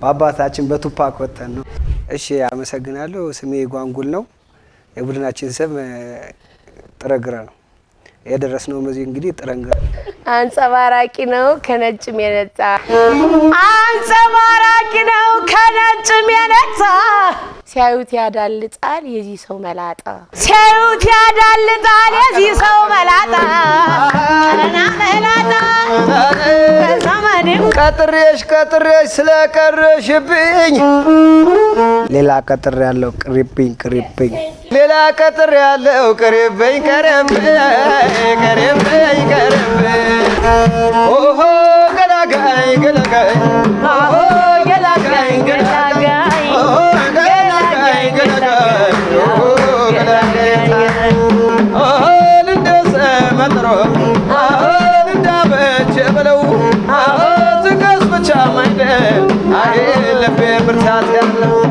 በአባታችን በቱፓክ ወጥተን ነው። እሺ አመሰግናለሁ። ስሜ ጓንጉል ነው። የቡድናችን ስም ጥረግረ ነው። የደረስነው በዚህ እንግዲህ ጥረግረ አንጸባራቂ ነው ከነጭም የነጻ አንጸባራቂ ነው ከነጭም የነጻ ሲያዩት ያዳልጣል የዚህ ሰው መላጣ ሲያዩት ያዳልጣል የዚህ ሰው መላጣ ቀጥሬሽ ቀጥሬሽ ስለቀረሽብኝ ሌላ ቀጥር ያለው ቅሪብኝ ቅሪብኝ ሌላ ቀጥር ያለው ቅሪብኝ ቀረብኝ ቀረብኝ ቀረብኝ ኦሆ ገላጋይ ገላጋይ አሆ ገላጋይ ገላጋይ ኦሆ ገላጋይ ገላጋይ ኦሆ ገላጋይ ኦሆ ልንደሰ መጥሮ አሆ पे प्रसाद